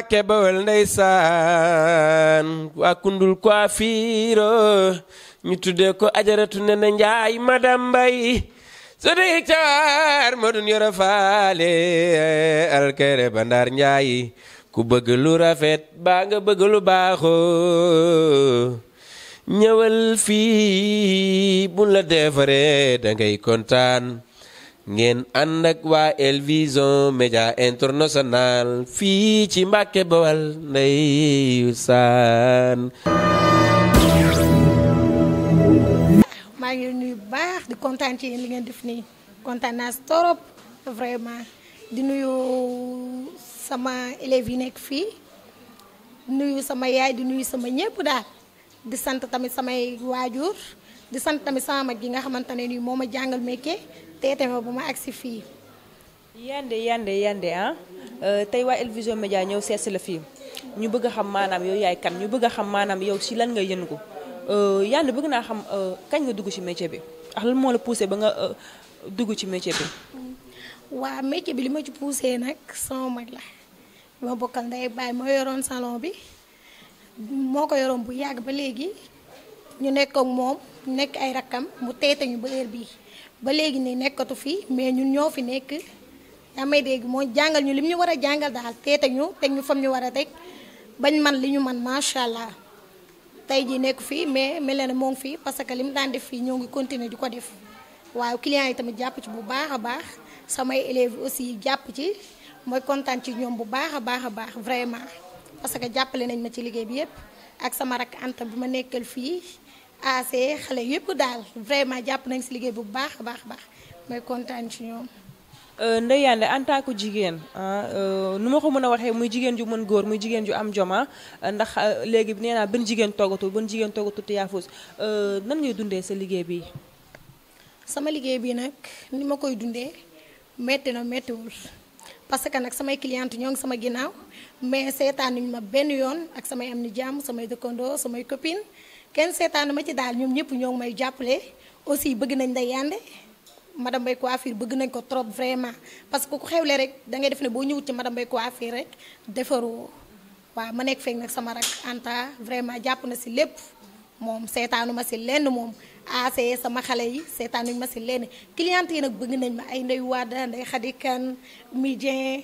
Mbàkke Bawol ndeysaan waa kundul coiffure ñu tuddee ko ajaratu ne na njaay madame Mbay su dee caar ma dun yore faale alkere bandaar njaay ku bëgg rafet baa nga bëgg lu baaxoo ñëwal fii la defaree da kontaan ngen andak wa elviso meja internasional, International fii ci mbake Bawal neusan ma ngi nuyu baax di kontaan ci li ngeen def ni kontaan naa torop vraiment di nuyu sama élèves yi nekk fii nuyu sama yaay di nuyu sama ñepp daal di sante tamit sama wajur di sant tamit sama mag gi nga xamante ne nii moo ma jàngal métier teete ma ba ma agsi fii. yande yande yande ah euh, tey waa El Vision ñëw seet la fii ñu bëgg a xam maanaam yow yaay kan ñu bëgg a xam maanaam yow si lan nga ko euh, yande bëgg naa xam euh, kañ nga dugg ci métier bi ak moo la poussé ba nga dugg ci métier waa métier bi li ma ci poussé nag sama mag la ma bokkal ndey baay moo yoroon salon bi moo ko yoroon bu yàgg ba léegi. ñu nekk ak moom nekk ay rakkam mu teete ñu ba heure bii ba léegi ni nekkatu fi mais ñun ñoo fi nekk amay dégg moo jàngal ñu lim ñu war a jàngal daal teete ñu teg ñu fam ñu war a teg bañ man li ñu man macha allah tey ji nekk fii mais mel na moo ngi fii parce que lim daan def fii ñoo ngi continuer di ko def waaw client yi tamit jàpp ci bu baax a baax samay élève aussi jàpp ci mooy contente ci ñoom bu baax a baax a baax vraiment parce que jàppale nañ ma ci liggéey bi yépp ak sama rak anta bi ma nekkal fii AC xale yëpp daal vraiment jàpp nañ si liggéey bu baax a baax baax mooy kontaan ci ñoom. Euh, Ndeye Yande en tant que jigéen euh, nu ma ko mën a waxee muy jigéen ju mën góor muy jigéen ju am joma ndax euh, léegi nee naa benn jigéen toggatul benn jigéen toggatul te yaafus nan ngay dundee sa liggéey bi sama liggéey bi nag ni ma koy dundee métti na méttiwul parce que nag samay cliente ñoo ngi sama ginnaaw mais seetaanuñ ma benn yoon ak samay am ni jàmm samay dëkkandoo samay copine kenn seetaanu ma ci daal ñoom ñëpp ñoo may jàppale aussi bëgg nañ Ndeye Yandé madame Mbaye coiffure bëgg nañ ko trop vraiment parce que ko xewle rek da ngay def ne boo ñëwut ci madame Mbaye coiffure rek defaroo waaw ma nekk feeg nag sama rak Anta vraiment jàpp na si lépp moom seetaanu ma si lenn moom aasee sama xale yi seetaanuñ ma si lenn cliente yi nag bëgg nañ ma ay Ndeye Wade Ndeye Khady Kane Midien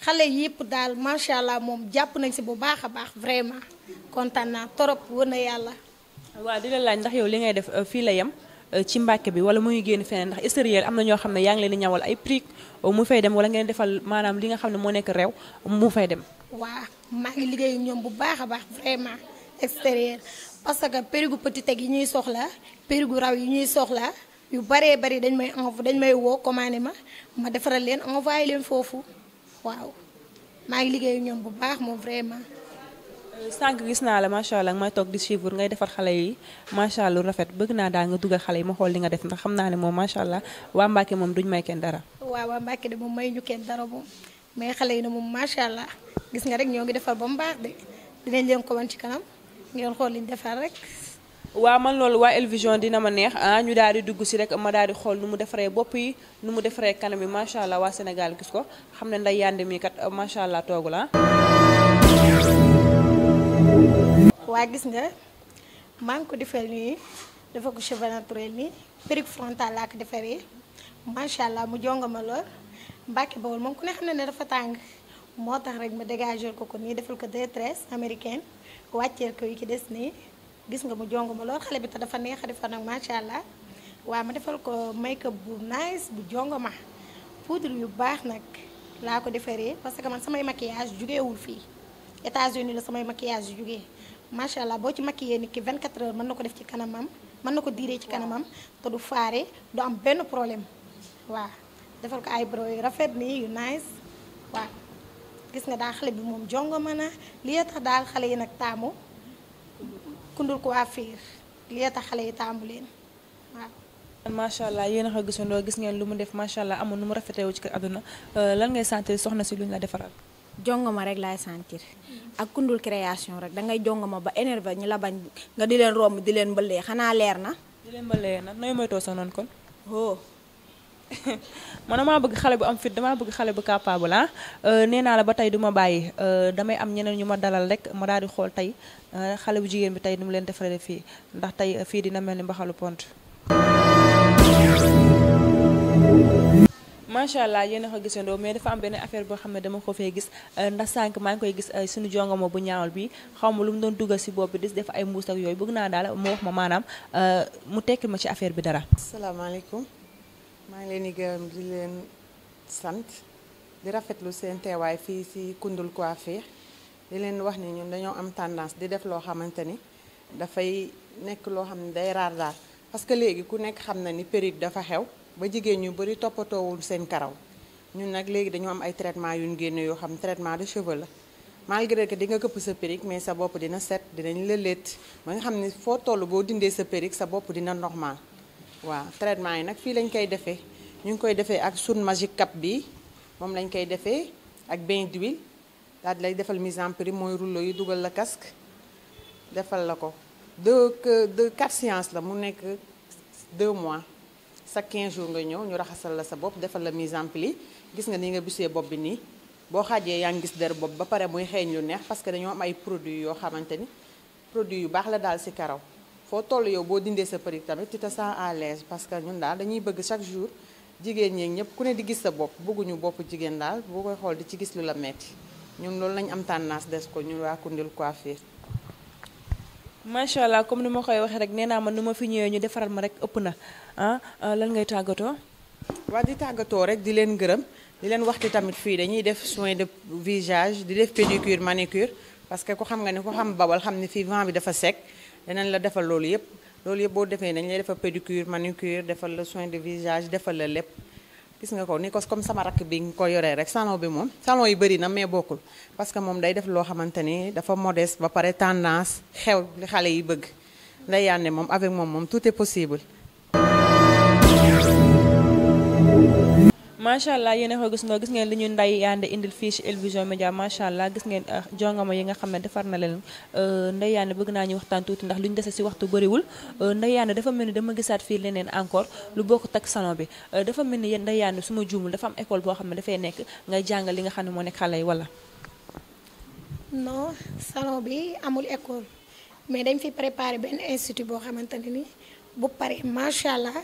xale yëpp daal macha allah moom jàpp nañ si bu baax a baax vraiment kontaan naa trop wër na yàlla. waaw di la laaj ndax yow li ngay def euh, fii la yem euh, ci Mbàkke bi wala muy génn feneen ndax extérieur am na ñoo xam ne yaa ngi leen ñawal ay prix euh, mu fay dem wala ngeen defal maanaam li nga xam ne moo nekk réew mu fay dem. waaw maa ngi liggéey ñoom bu baax a baax vraiment extérieur parce que périgu petit teg yi ñuy soxla périgu raw yi ñuy soxla yu baree bari dañ may envo dañ may woo commandé ma ma defaral leen envoyé leen foofu. waaw maa ngi liggéeyu ñoom bu baax moom vraiment. Euh, sànq gis naa la macha allah may toog di suivre ngay defar xale yi macha allah rafet bëgg naa daal nga dugal xale yi ma xool li nga def ndax xam naa ne moom macha allah waa Mbacke moom duñ may kenn dara. waaw waa Mbacke de moom may ñu kenn dara moom mais xale yi na moom macha allah gis nga rek ñoo ngi defar ba mu baax de dinañ leen ko wan ci kanam ngeen xool liñ defar rek. waa man loolu waa El dina ma neex ah ñu daal di dugg si rek ma daal di xool nu mu defaree bopp yi nu mu defaree kanam yi macha allah waa Sénégal gis ko xam ne nday yande mi kat macha allah toogu la ah. waa gis nga maa ko defal nii dafa ko cheveux naturel nii perruque frontale laa ko defaree macha allah mu jongama ma lool Mbàkke Bawol moom ku ne xam ne ne dafa tàng moo tax rek ma dégager ko ko nii defal ko deux tresses américaine wàcceel ko yi ci des nii. gis nga mu jong ma lool xale bi te dafa neex a defar nag macha allah waa ma defal ko make up bu nice bu jong ma yu baax nag laa ko defaree parce que man samay maquillage jugeewul fii États-Unis la samay maquillage jóge macha allah boo ci maquillé nit ki 24 heures mën na ko def ci kanamam mën na ko diiree ci kanamam te du faare du am benn problème waaw defal ko eyebrow yu rafet nii yu nice waaw gis nga daal xale bi moom jongo mën a li tax daal xale yi nag taamu. kundul coiffure lii tax xale yi tàmbu leen waaw. macha allah yéen a ko gisandoo gis ngeen lu mu def macha allah amul nu mu wu ci kër àdduna euh, lan ngay sentir soxna si lu la la defaral. jongoma rek laay sentir ak kundul création rek da ngay ma ba énervé ñu la bañ nga di leen romb di leen bëllee xanaa leer na. di leen bëllee na nooy moytoo sa noonu kon. Oh. man maa bëgg xale bu am fit damaa bëgg xale bu capable ah euh, nee naa la ba tey du ma bàyyi euh, damay am ñeneen ñu ma dalal rek ma daal di xool tey euh, xale bu jigéen bi tey nu leen defaree fii ndax tey fii dina ni mbaxalu pont. macha allah yéen a ko gisandoo mais dafa am benn affaire boo xam ne dama ko fee gis ndax sànq maa ngi koy gis suñu jongoma bu ñaawal bi xaw ma lu mu doon dugal si bopp bi di def ay mbuus yooyu bëgg naa daal mu wax ma maanaam mu tekki ma ci affaire bi dara. asalaamaaleykum. maa ngi leen di gërëm di leen sant di rafetlu seen teewaay fii ci Koundoul Coiffure di leen wax ni ñun dañoo am tendance di def loo xamante ni dafay nekk loo xam ne day raar daal parce que léegi ku nekk xam na ni période dafa xew ba jigéen ñu bari toppatoowul seen karaw ñun nag léegi dañoo am ay traitement yu ñu génne yoo xam traitement de cheveux la malgré que di nga këpp sa perruque mais sa bopp dina set dinañ la létt ba nga xam ne foo toll boo dindee sa perruque sa bopp dina normal waaw traitement yi nag fii lañ koy defee ñu ngi koy defee ak sun magique cap bi moom lañ koy defee ak bain d'huile daal di lay defal mise en prix mooy rouleau yi dugal la casque defal la ko deux euh, deux quatre séances la mu nekk deux mois chaque 15 jours nga ñëw ñu raxasal la sa bopp defal la mise en pli gis nga ni nga bisee bopp bi nii boo xaajee yaa ngi gis der bopp ba paré muy xeeñ lu neex parce que dañu am ay produits yo xamanteni ni produits yu bax la dal ci karaw foo toll yow boo dindee sa perruque tamit tu te à l'aise parce que ñun daal dañuy bëgg chaque jour jigéen ñeeg ñëpp ku ne di gis sa bopp bëgguñu bopp jigéen daal boo koy xool di ci gis lu la metti ñun loolu lañ am tendance des ko ñu waa Koundil coiffure macha allah comme ni ma koy waxee rek nee naa man nu ma fi ñëwee ñu defaral ma rek ëpp na ah, ah lan ngay tàggatoo. waa di tàggatoo rek di leen gërëm di leen waxti tamit fii dañuy def soin de visage di def pédicure manicure. parce que ko xam nga ni ko xam babal xam ne fii vent bi dafa sec danañ la defal lolu yëpp lolu yëpp bo defee dañ lay defal pédicure manucure defal le soin de visage defal le lépp gis nga ko ni ko comme sama rak bi nga ko yoré rek salon bi mom salon yi bari na mais bokul parce que mom day def lo xamanteni dafa modeste ba paré tendance xew li xalé yi bëgg nday yànne mom avec mom mom tout est possible macha allah yéen ko gis nga gis ngeen li ñu nday yaande indil fii ci El Vision Médias allah gis ngeen euh, jongama yi nga xamne defar na leen nday euh, yaande bëgg na ñu waxtaan tuuti ndax luñu déssé ci waxtu euh nday yaande dafa melni dama gisat fi leneen encore lu bokk tak salon bi euh, dafa melni ni nday yaande suma ma dafa am école bo xamne dafay nekk nga jàngal li nga xamne mo nekk xalé yi wala non salon bi amul école mais dañ fi préparer ben institut bo xamanteni ni bu pare macha allah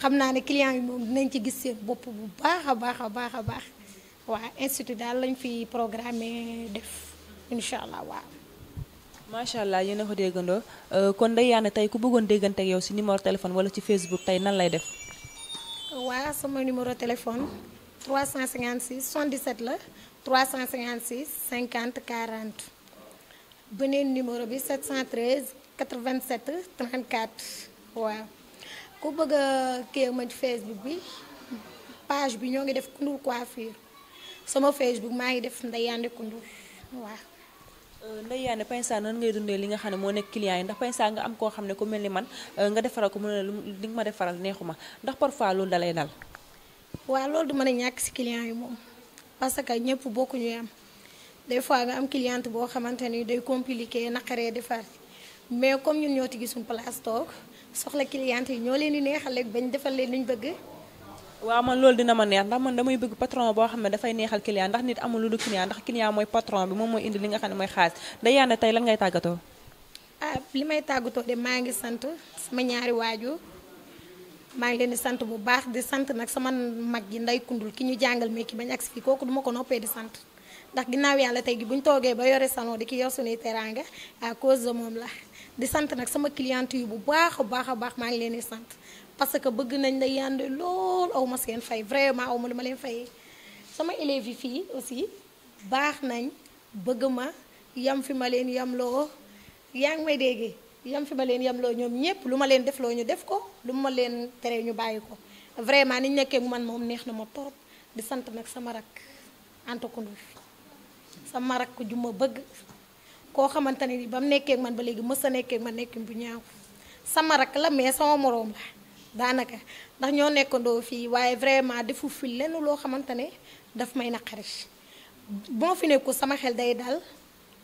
xamna né client yi mom dinañ ci gis seen bop bu baax a baax a baax a institut dal lañ fi programmé def inshallah wa machallah macha ko yéen a euh, kon day yaane tey ku bëggoon déggante ak yow ci numéro téléphone wala ci Facebook tay nan lay def. wa sama numéro téléphone 356 77 la 356 50 40 benen numéro bi 713 87 34 waaw. ku bëgg a ma Facebook bi page bi ñoo ngi def Koundoul coiffure sama Facebook maa ngi def Ndeye Yande Koundoul waaw. Euh, Ndeye Yande Pensa nan ngay dundee li nga xam ne moo nekk client yi ndax Pensa nga am koo xam ne ku mel ni man euh, nga defaral ko mu ne li nga ma defaral neexuma ndax parfois loolu dalay dal. waaw loolu du mën a ñàkk si client yi moom parce que ñëpp bokkuñu am des fois nga am cliente boo xamante ni day compliqué naqaree defar mais comme ñun ñoo ti gisuñ place toog. soxla cliente yi ñoo leen di neexal rek bañ defal leen ñu bëgg. waaw man loolu dina ma neex ndax man damay bëgg patron boo xam ne dafay neexal client ndax nit amul lu dul client ndax client mooy patron bi moom mooy indi li nga xam ne mooy xaalis day yànd tey lan ngay tàggatoo. ah li may tàggatoo de maa ngi sant sama ñaari waajur maa ngi leen di sant bu baax di sant nag sama mag yi nday kundul ki ñu jàngal mais ki bañ ak fii kooku duma ko noppee di sant ndax ginnaaw yàlla tey gi bu ñu toogee ba yore salon di ki yor suñuy teraanga moom la. di sante nak sama client yu bu baakha baakha baax ma ngi leni sante sant parce que bëgg nañ la yande lool awma ma seen fay vraiment awma ma len fay sama élèves fi aussi baax nañ bëgg ma yam fi ma len yam lo yaa ngi may dégg yam fi ma len yam lo ñom ñepp luma ma def lo ñu def ko luma len téré ñu bàyyi ko vraiment man mom neex ma torop di sante nak sama rak antakundu sama rak ko juma bëgg koo xamante ne ni ba mu nekkee man ba léegi mës a nekkee man nekkin bu ñaaw sama rakk la mais sama moroom la daanaka ndax ñoo nekkandoo fii waaye vraiment defu fi lenn loo xamante ne daf may naqari boo fi nekku sama xel day dal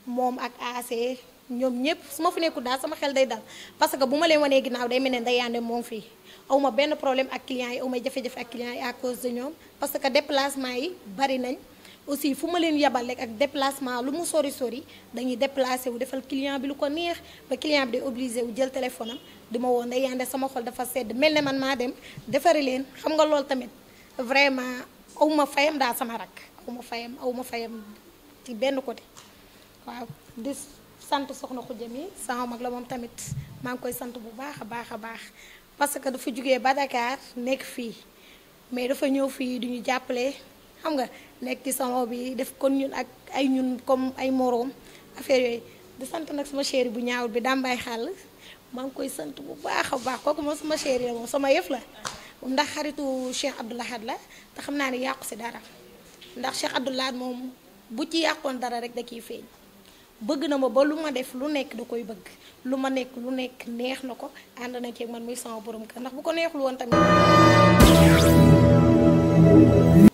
moom ak AC ñoom ñëpp su ma fi nekku daal sama xel day dal parce que bu ma leen wanee ginnaaw day mel ne day yaande moom fii aw ma benn problème ak clients yi aw ma jafe-jafe ak clients yi à cause de ñoom parce que déplacement yi bari nañ aussi fu ma leen yebal rek ak déplacement lu mu sori sori dañuy déplacer wu defal client bi lu ko neex ba client bi day obligé wu jël téléphone am di ma woon day yaande sama xol dafa sedd mel ne man maa dem defari leen xam nga loolu tamit vraiment aw ma fayam daa sama rak aw ma fayam aw ma fayam ci benn côté waaw di sant soxna Khoudia mi sama mag la moom tamit maa ngi koy sant bu baax a baax a baax parce que dafa jugee ba Dakar nekk fii mais dafa ñëw fii du ñu jàppale. xam nga lekk ci salon bi def kon ñun ak ay ñun comme ay morom affaire yoy de sante nak sama chéri bu ñaawul bi bay xal ma ngi koy sante bu baaxa baax koku mo sama chéri mo sama yef la ndax xaritu Cheikh abdullah had la ta xam naa ne yàqu dara ndax Cheikh abdullah mom bu ci dara rek da ki feeñ bëgg na ma ba lu ma def lu nekk da koy bëgg lu ma nekk lu nekk neex nako and na ci man muy sama borom ka ndax bu ko neexul won tamit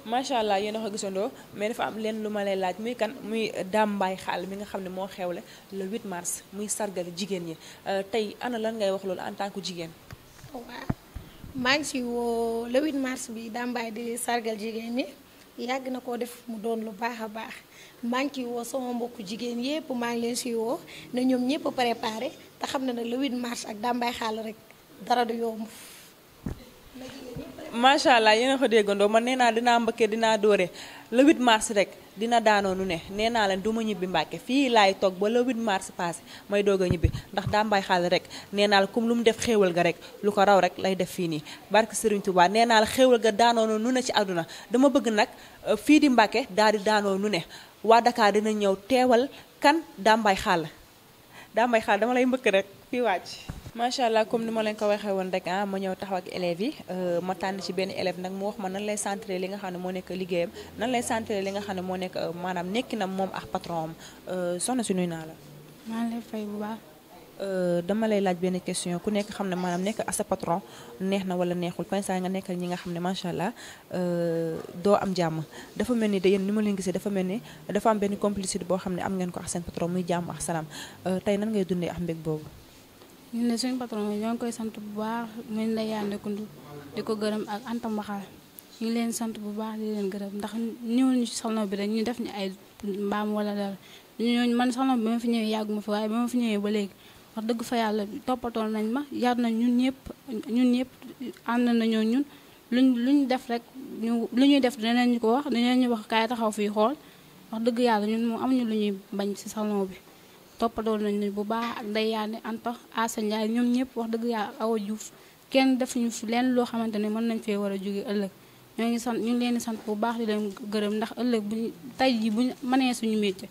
macha allah yéen a ko gisandoo mais dafa am leen lu ma lay laaj muy kan muy Dame Mbaye Xall nga xam ne moo xewle le 8 mars muy sargal jigéen ñi euh, tey ana lan ngay wax loolu en tant que jigéen. maa ngi si woo le 8 mars bi Dame sargal jigéen ñi yàgg na koo def mu doon lu baax a baax maa ngi ciy woo sama mbokku jigéen yépp maa ngi leen siy woo ne ñoom ñépp préparé te xam ne nag 8 mars ak dàmbaay Mbaye rek dara du yomb. macha allah yéen a ko déggandoo man nee naa dinaa mbëkke dinaa dóore le 8 mars rek dina daanoo nu ne nee naa leen du ma ñibbi Mbàkke fii laay toog ba le 8 mars passé may doog a ñibbi ndax daa mbay xaal rek nee naa comme lu mu def xéewal ga rek lu ko raw rek lay def fii nii barke Serigne Touba nee naa la ga daanoo nu ne ci àdduna dama bëgg nag euh, fii di Mbàkke daal di daanoo nu ne waa Dakar dina ñëw teewal kan daa mbay xaal dama lay mbëkk rek fii wàcc macha allah comme ni ma leen ko waxee woon rek ah ma ñëw taxaw ak élèves yi euh, ma tànn ci benn élève nag mu wax ma nan lay centré li nga xam ne moo nekk liggéeyam nan lay centré li nga xam ne moo nekk euh, maanaam moom ak patron am euh, soxna si naa maa ngi lay fay bu baax. dama lay laaj benn question ku nekk xam ne maanaam nekk ak sa patron neex na wala neexul pensa nga nekkal ñi nga xam ne macha allah doo am jàmm dafa mel ni da yéen ni ma leen gisee dafa mel ni dafa am benn complicité boo xam ne am ngeen ko ax seen patron muy jàmm ak salaam tey nan ngay dundee ak mbég boobu. ñu ne suñu patron ñoo ngi koy sant bu baax muy Ndeye Yande Koundou di ko gërëm ak Anta Mbaxal ñu leen sant bu baax di leen gërëm ndax ñëw ñu salon bi rek ñu def ñu ay mbaam wala dara ñooñu man salon bi ma fi ma fi waaye ma fi ñëwee ba léegi wax dëgg fa yàlla toppatoo nañ ma yar na ñun ñëpp ñun ñëpp ànd nañoo ñun luñ ñu def rek ñu lu ñuy def dinañ ñu ko wax dinañ ñu wax kaay taxaw fii xool wax dëgg yàlla ñun moom amuñu lu ñuy bañ ci salon bi. toppatoo nañ leen bu baax ak Ndeye Yane Anta Assa ñoom ñëpp wax dëgg yàlla Awa Diouf kenn defuñu fi leen loo xamante ne mën nañ fee war a jóge ëllëg ñoo ngi sant ñu leen sant bu baax di leen gërëm ndax ëllëg buñu tey bu buñu mënee suñu métier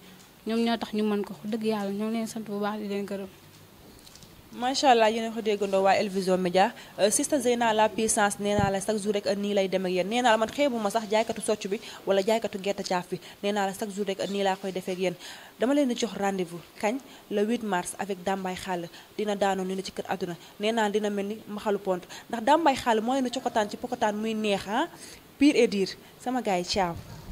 ñoom ñoo tax ñu mën ko dëgg yàlla ñoo ngi leen sant bu baax di leen gërëm macha allah yéen a ko déggandoo waa El Vision Média euh, sista Zeyna la puissance nee naa la chaque jour rek nii lay dem ak yéen nee naa la man xeebu ma sax jaaykatu socc bi wala jaaykatu gerte caaf bi nee la chaque jour rek nii laa koy defee ak dama leen di jox rendez-vous kañ le 8 mars avec Dambay Xàll dina daanoo ni na ci kër àdduna nee naa dina mel ni maxalu pont ndax Dambay Xàll moo leen di cokotaan ci pokotaan muy neex ah pire et dire sama gars